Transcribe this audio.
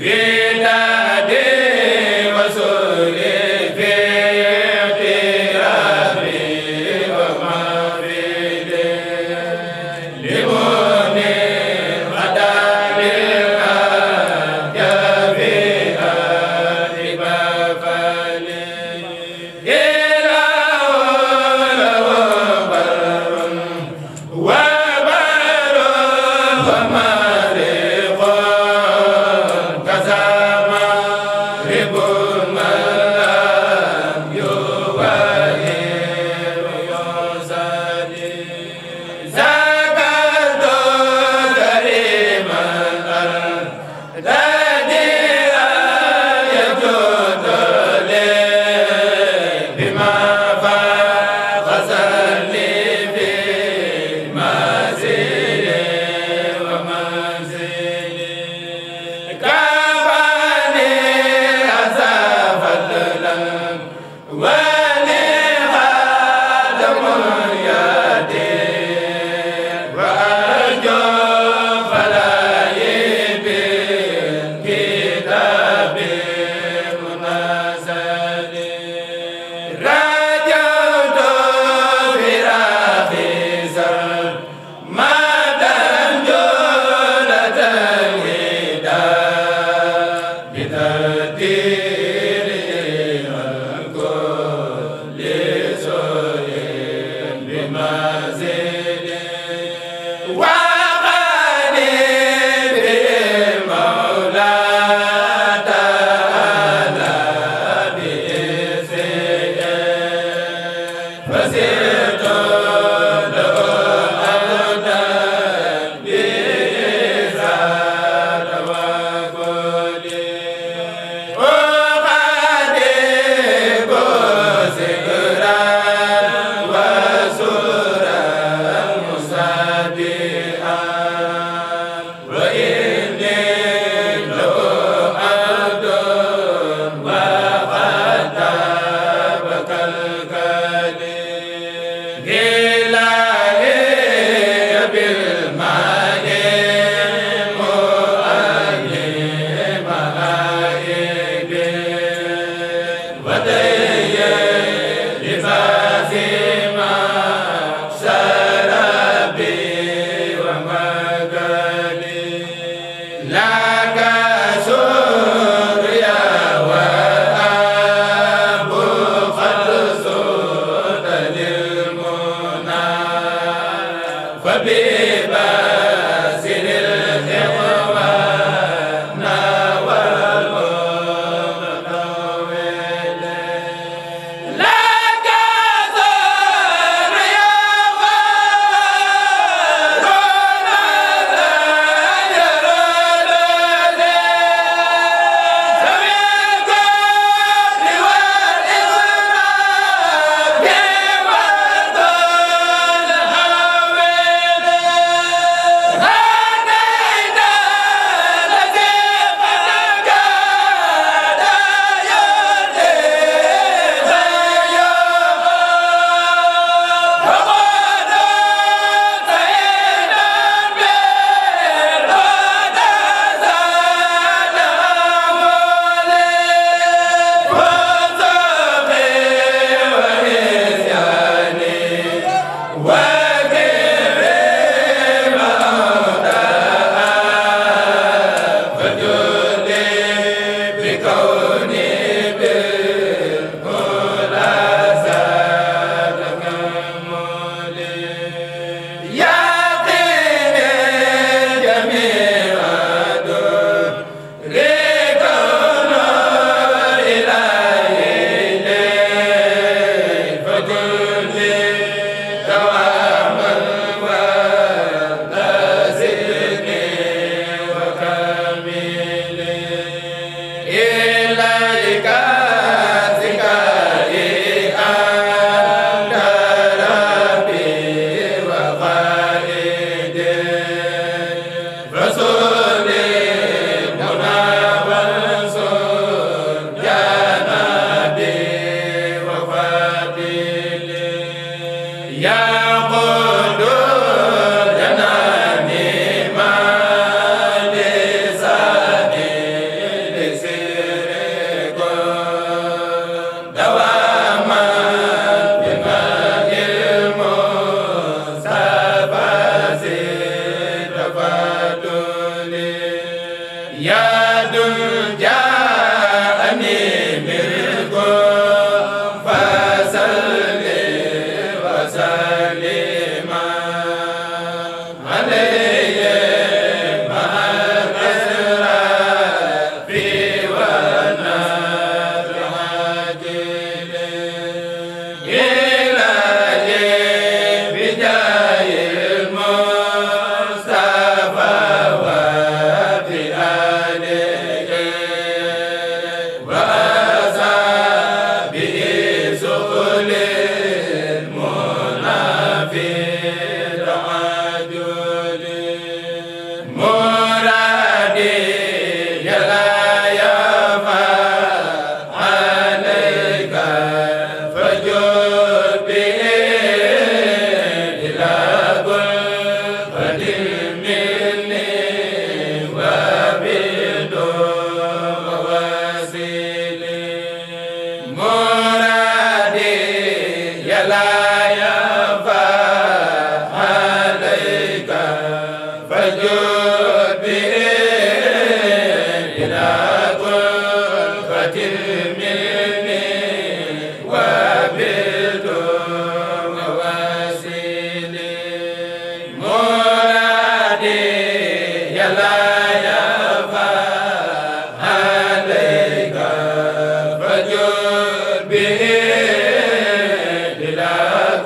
wéeta Basir fa bi ba